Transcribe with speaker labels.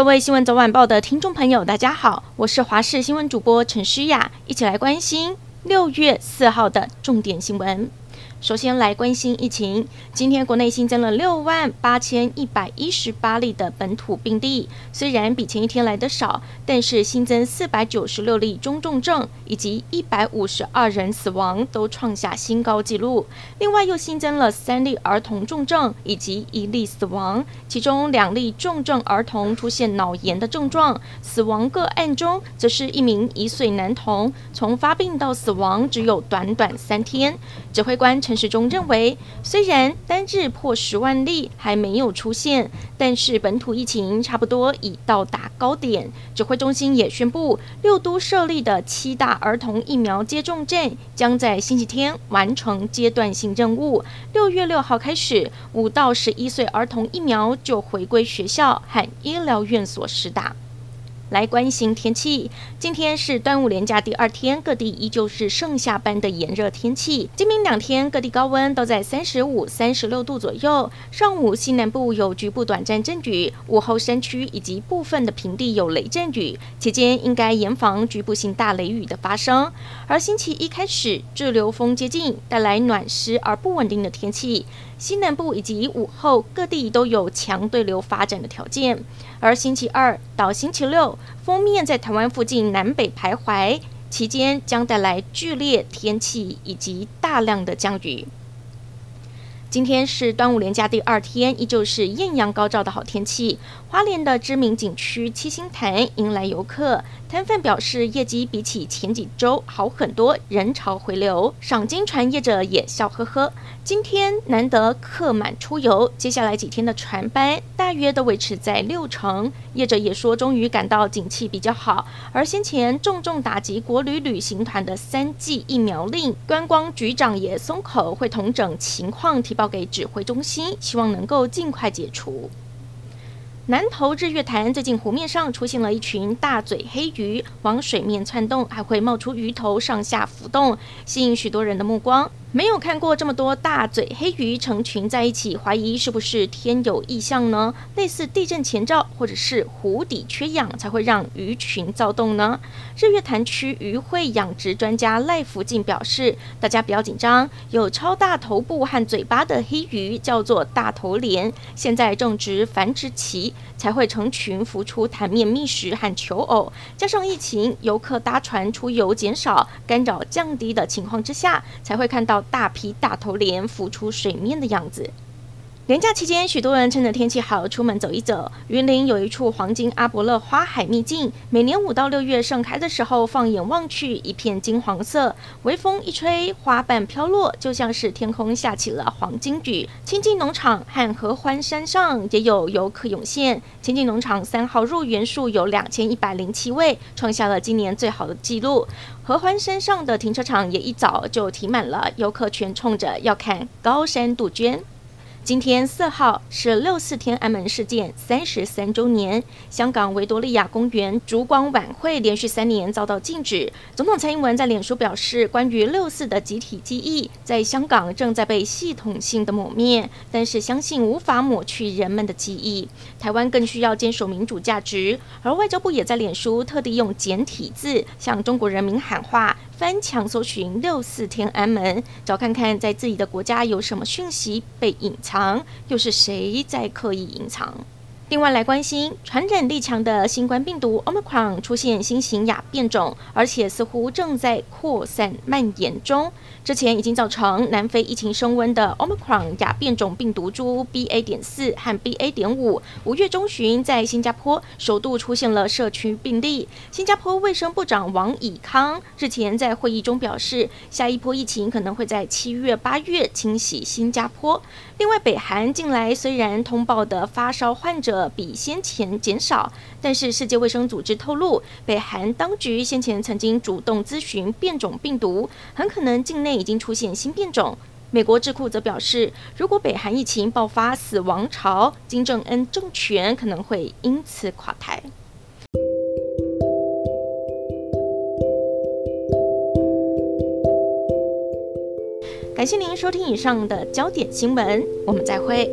Speaker 1: 各位新聞早晚報的聽眾朋友，大家好，我是華視新聞主播陳詩雅，一起來關心六月四號的重點新聞。首先來關心疫情。今天國內新增了六萬八千一百一十八例的本土病例，雖然比前一天來得少，但是新增四百九十六例中重症以及一百五十二人死亡都創下新高紀錄。另外又新增了三例兒童重症以及一例死亡，其中兩例重症兒童出現腦炎的症狀，死亡個案中則是一名一歲男童，從發病到死亡只有短短三天。指揮官。陳時中認為，雖然單日破十萬例還沒有出現，但是本土疫情差不多已到達高點。指揮中心也宣布，六都設立的七大兒童疫苗接種站將在星期天完成階段性任務。六月六號開始，五到十一歲兒童疫苗就回歸學校和醫療院所施打。來關心天氣。今天是端午連假第二天，各地依舊是盛夏般的炎熱天氣。今明兩天，各地高溫都在三十五、三十六度左右。上午西南部有局部短暫陣雨，午後山區以及部分的平地有雷陣雨，期間應該嚴防局部性大雷雨的發生。而星期一開始，滯留鋒接近，帶來暖濕而不穩定的天氣。西南部以及午後各地都有強對流發展的條件，而星期二到星期六，鋒面在台灣附近南北徘徊期間，將帶來劇烈天氣以及大量的降雨。今天是端午連假第二天，依舊是豔陽高照的好天氣。花蓮的知名景區七星潭迎來遊客，攤販表示業績比起前幾周好很多，人潮回流。賞鯨船業者也笑呵呵，今天難得客滿出遊，接下來幾天的船班大約都維持在六成。業者也說，終於感到景氣比較好。而先前重重打擊國旅旅行團的三劑疫苗令，觀光局長也鬆口，會同整情況提。交給指揮中心，希望能夠儘快解除。南投日月潭最近湖面上出現了一群大嘴黑魚，往水面竄動，還會冒出魚頭上下浮動，吸引許多人的目光。沒有看過這麼多大嘴黑魚成群在一起，懷疑是不是天有異象呢？類似地震前兆，或者是湖底缺氧才會讓魚群躁動呢？日月潭區漁會養殖專家賴福進表示，大家不要緊張，有超大頭部和嘴巴的黑魚叫做大頭鰱，現在正值繁殖期，才會成群浮出潭面覓食和求偶。加上疫情，遊客搭船出遊減少，干擾降低的情況之下，才會看到大批大頭鰱浮出水面的樣子。連假期間，許多人趁着天氣好出門走一走。雲林有一處黃金阿勃勒花海秘境，每年五到六月盛開的時候，放眼望去一片金黃色，微風一吹，花瓣飄落，就像是天空下起了黃金雨。清境農場和合歡山上也有遊客湧現。清境農場三號入園數有兩千一百零七位，創下了今年最好的紀錄。合歡山上的停車場也一早就停滿了遊客，全衝着要看高山杜鵑。今天四號是六四天安門事件三十三周年，香港維多利亞公園燭光晚會連續三年遭到禁止。總統蔡英文在臉書表示，關於六四的集體記憶在香港正在被系統性的抹滅，但是相信無法抹去人們的記憶。台灣更需要堅守民主價值，而外交部也在臉書特地用簡體字向中國人民喊話。翻牆搜尋六四天安門，找看看在自己的國家有什麼訊息被隱藏，又是誰在刻意隱藏？另外，來關心傳染力強的新冠病毒 Omicron 出現新型亞變種，而且似乎正在擴散蔓延中。之前已經造成南非疫情升溫的 Omicron 亞變種病毒株 BA. 點四和 BA. 點五，五月中旬在新加坡首度出現了社區病例。新加坡衛生部長王乙康日前在會議中表示，下一波疫情可能會在七月、八月侵襲新加坡。另外，北韓近來雖然通報的發燒患者，比先前減少，但是世界衛生組織透露，北韓當局先前曾經主動諮詢變種病毒，很可能境內已經出現新變種。美國智庫則表示，如果北韓疫情爆發死亡潮，金正恩政權可能會因此垮台。感謝您收聽以上的焦點新聞，我們再會。